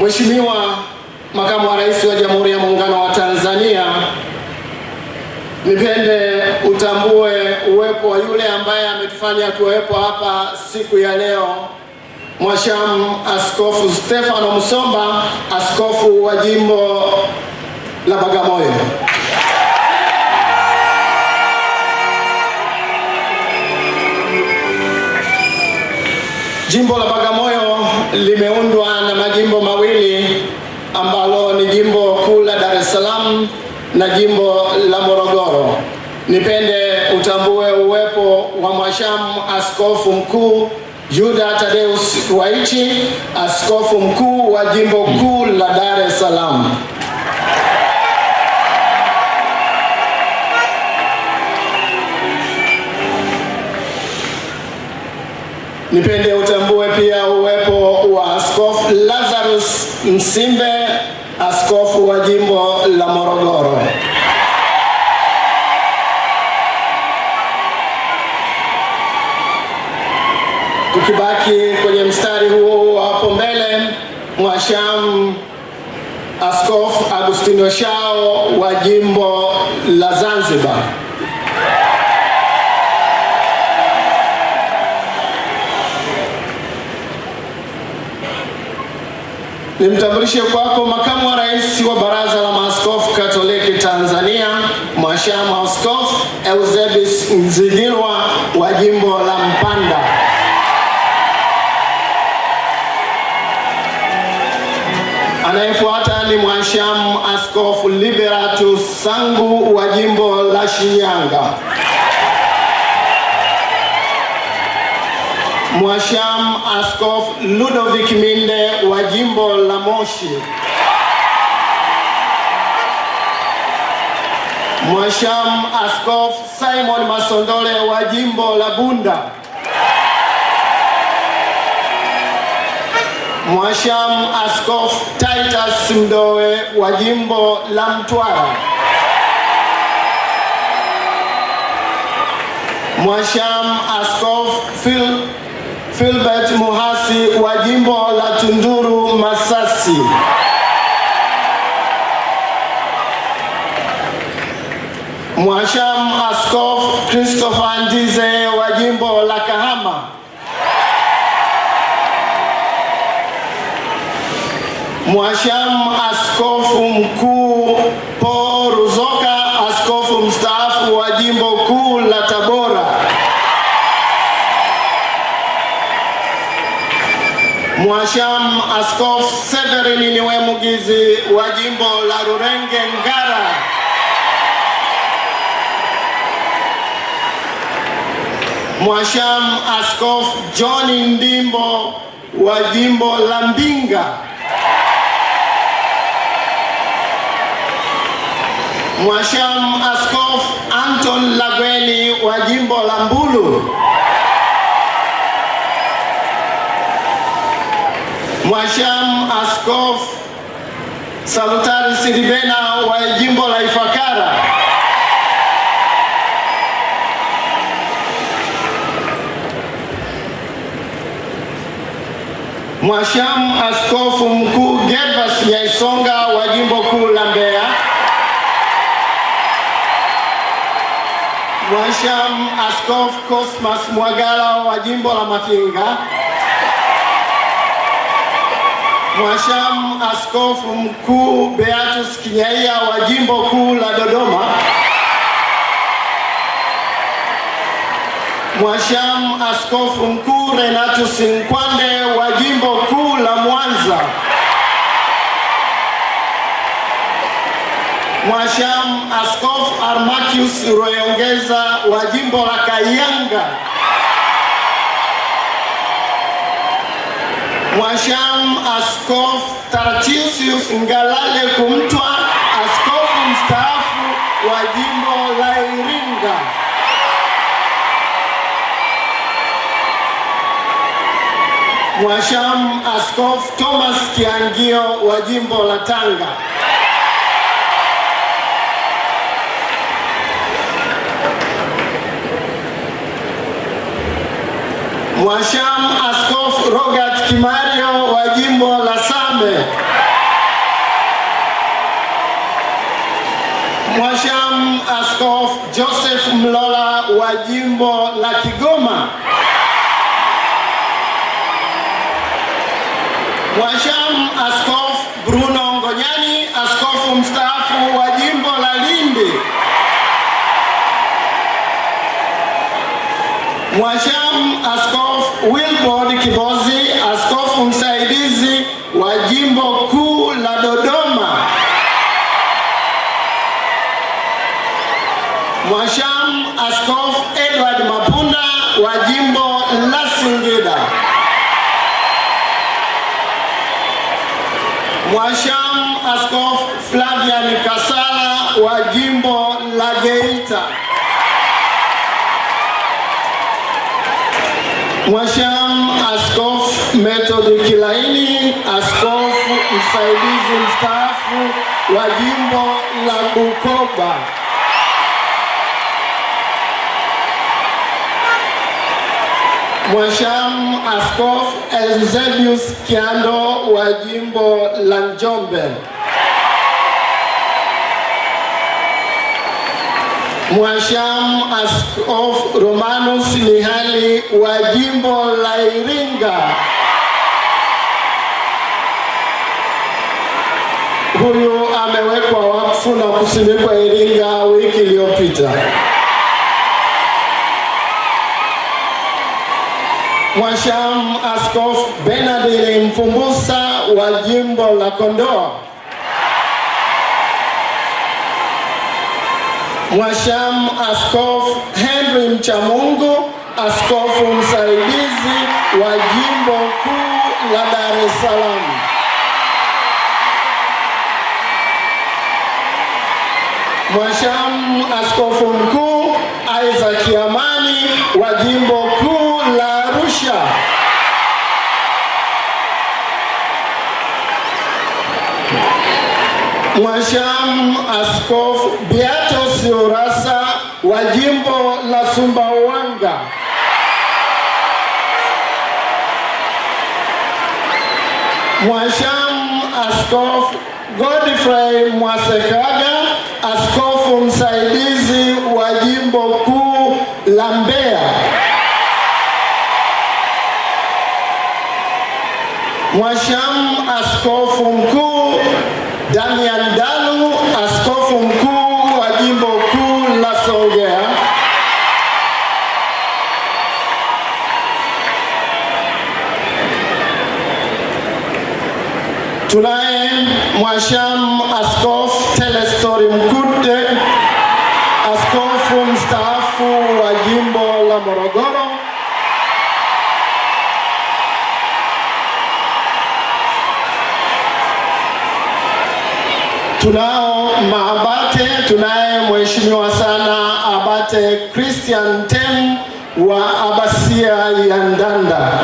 Mheshimiwa Makamu wa Rais wa Jamhuri ya Muungano wa Tanzania, nipende utambue uwepo wa yule ambaye ametufanya tuwepo hapa siku ya leo, Mwashamu Askofu Stefano Musomba, askofu wa jimbo la Bagamoyo. Jimbo la Bagamoyo limeundwa na majimbo Salaam na jimbo la Morogoro. Nipende utambue uwepo wa mwashamu askofu mkuu Juda Tadeus Waichi, askofu mkuu wa jimbo kuu la Dar es Salaam. Nipende utambue pia uwepo wa askofu Lazarus Msimbe askofu wa jimbo la Morogoro. Tukibaki kwenye mstari huo hapo mbele, mwashamu askofu Agustino Shao wa jimbo la Zanzibar. Nimtambulishe kwako makamu wa rais wa Baraza la Maaskofu Katoliki Tanzania, Mhashamu Askofu Eusebius Nzigilwa wa Jimbo la Mpanda. Anayefuata ni Mhashamu Askofu Liberatus Sangu wa Jimbo la Shinyanga. Mwasham Askof Ludovic Minde wa jimbo la Moshi, Mwasham Askof Simon Masondole wa jimbo la Bunda, Mwasham Askof Titus Mdoe wa jimbo la Mtwara, Mwasham Askof Phil Philbert Muhasi wa jimbo la Tunduru Masasi. Mwasham Askofu Christopher Ndize wa jimbo la Kahama. Mwasham Askofu Mkuu Paul Ruzoka, askofu mstaafu wa jimbo kuu la Tabora. Mwasham Askofu Severini Niwe Mugizi wa jimbo la Rurenge Ngara. Mwasham Askofu John Ndimbo wa jimbo la Mbinga. Mwasham Askofu Anton Lagweni wa jimbo la Mbulu. Washam Askof Salutari Silibena wa jimbo la Ifakara, Mhashamu Askofu Mkuu Gervas Nyaisonga wa jimbo kuu la Mbeya, Mhashamu Askofu Cosmas Mwagala wa jimbo la Mafinga Mwashamu Askofu Mkuu Beatus Kinyaia wa Jimbo Kuu la Dodoma, Mwashamu Askofu Mkuu Renatus Nkwande wa Jimbo Kuu la Mwanza, Mwashamu Askofu Armatius Royongeza wa Jimbo la Kayanga washam Sham Askofu Tarcisius Ngalale Kumtwa, askofu mstaafu wa jimbo la Iringa. Wa Askofu Thomas Kiangio wa jimbo la Tanga. Kimario wa jimbo la Same, Mwasham Askofu Joseph Mlola wa jimbo la Kigoma, Mwasham Askofu Bruno Ngonyani, askofu mstaafu wa jimbo la Lindi. Mwashamu Askofu Wilbrod Kibozi, askofu msaidizi wa Jimbo Kuu la Dodoma. Mwashamu Askofu Edward Mapunda wa Jimbo la Singida. Mwashamu Askofu Flavian Kasala wa Jimbo la Geita. mwasham Askofu Method Kilaini, askofu msaidizi mstaafu wa jimbo la Bukoba. Mwashamu Askofu Eusebius Kiando wa jimbo la Njombe. Mhashamu Askofu Romanus Mihali wa jimbo la Iringa. Huyu amewekwa wakfu na kusimikwa Iringa wiki iliyopita. Mhashamu Askofu Benard Mfumbusa wa jimbo la Kondoa. Washam Askofu Henry Mchamungu, askofu msaidizi wa jimbo kuu la Dar es Salaam. Mwashamu askofu mkuu Isaac Amani wa jimbo kuu la Arusha. Mwashamu askofu Bia viongozi URASA wa jimbo la Sumbawanga Mwashamu Askofu Godfrey Mwasekaga, askofu msaidizi wa jimbo kuu la Mbeya, Mwashamu askofu mkuu Damian Dalu, askofu mkuu wa jimbo Mhashamu Askofu Telestori Mkude, askofu mstaafu wa jimbo la Morogoro, tunao maabate, tunaye mheshimiwa sana abate Christian Tem wa abasia ya Ndanda.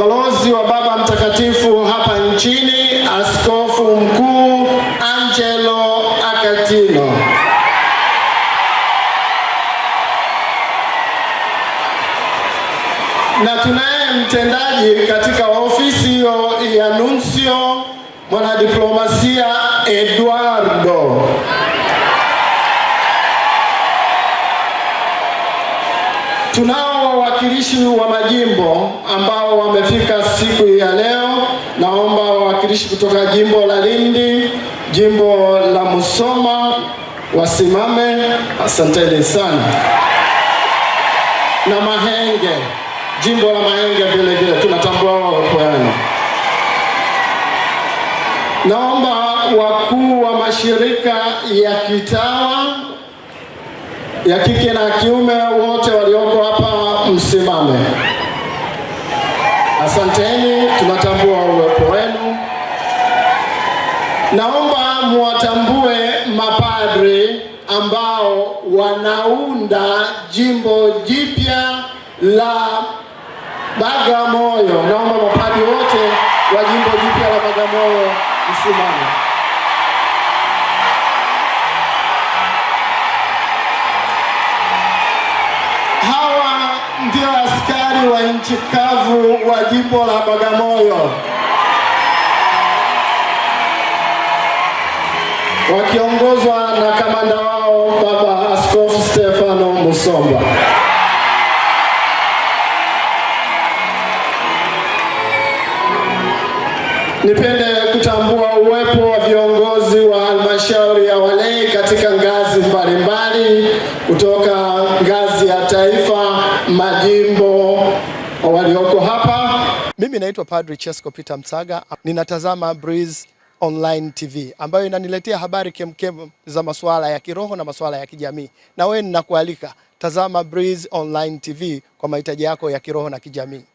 balozi wa Baba Mtakatifu hapa nchini, Askofu Mkuu Angelo Akatino. Na tunaye mtendaji katika ofisi hiyo ya Nuncio, mwanadiplomasia Eduardo tunao wawakilishi wa majimbo ambao wamefika siku ya leo, naomba wawakilishi kutoka jimbo la Lindi, jimbo la Musoma wasimame. Asanteni sana. Na Mahenge, jimbo la Mahenge vile vile tunatambua wao kwani. Naomba wakuu wa mashirika ya kitawa ya kike na kiume wote walioko hapa tusimame. Asanteni, tunatambua uwepo wenu. Naomba muwatambue mapadri ambao wanaunda jimbo jipya la Bagamoyo. Naomba mapadri wote wa jimbo jipya la Bagamoyo msimame. wa jimbo la Bagamoyo wakiongozwa na kamanda wao Baba Askofu Stefano Musomba. Nipende kutambua uwepo wa viongozi wa halmashauri ya walei katika ngazi mbalimbali kutoka naitwa Padri Chesco Peter Msaga, ninatazama Breeze Online TV ambayo inaniletea habari kemkem za masuala ya kiroho na masuala ya kijamii, na wewe ninakualika tazama Breeze Online TV kwa mahitaji yako ya kiroho na kijamii.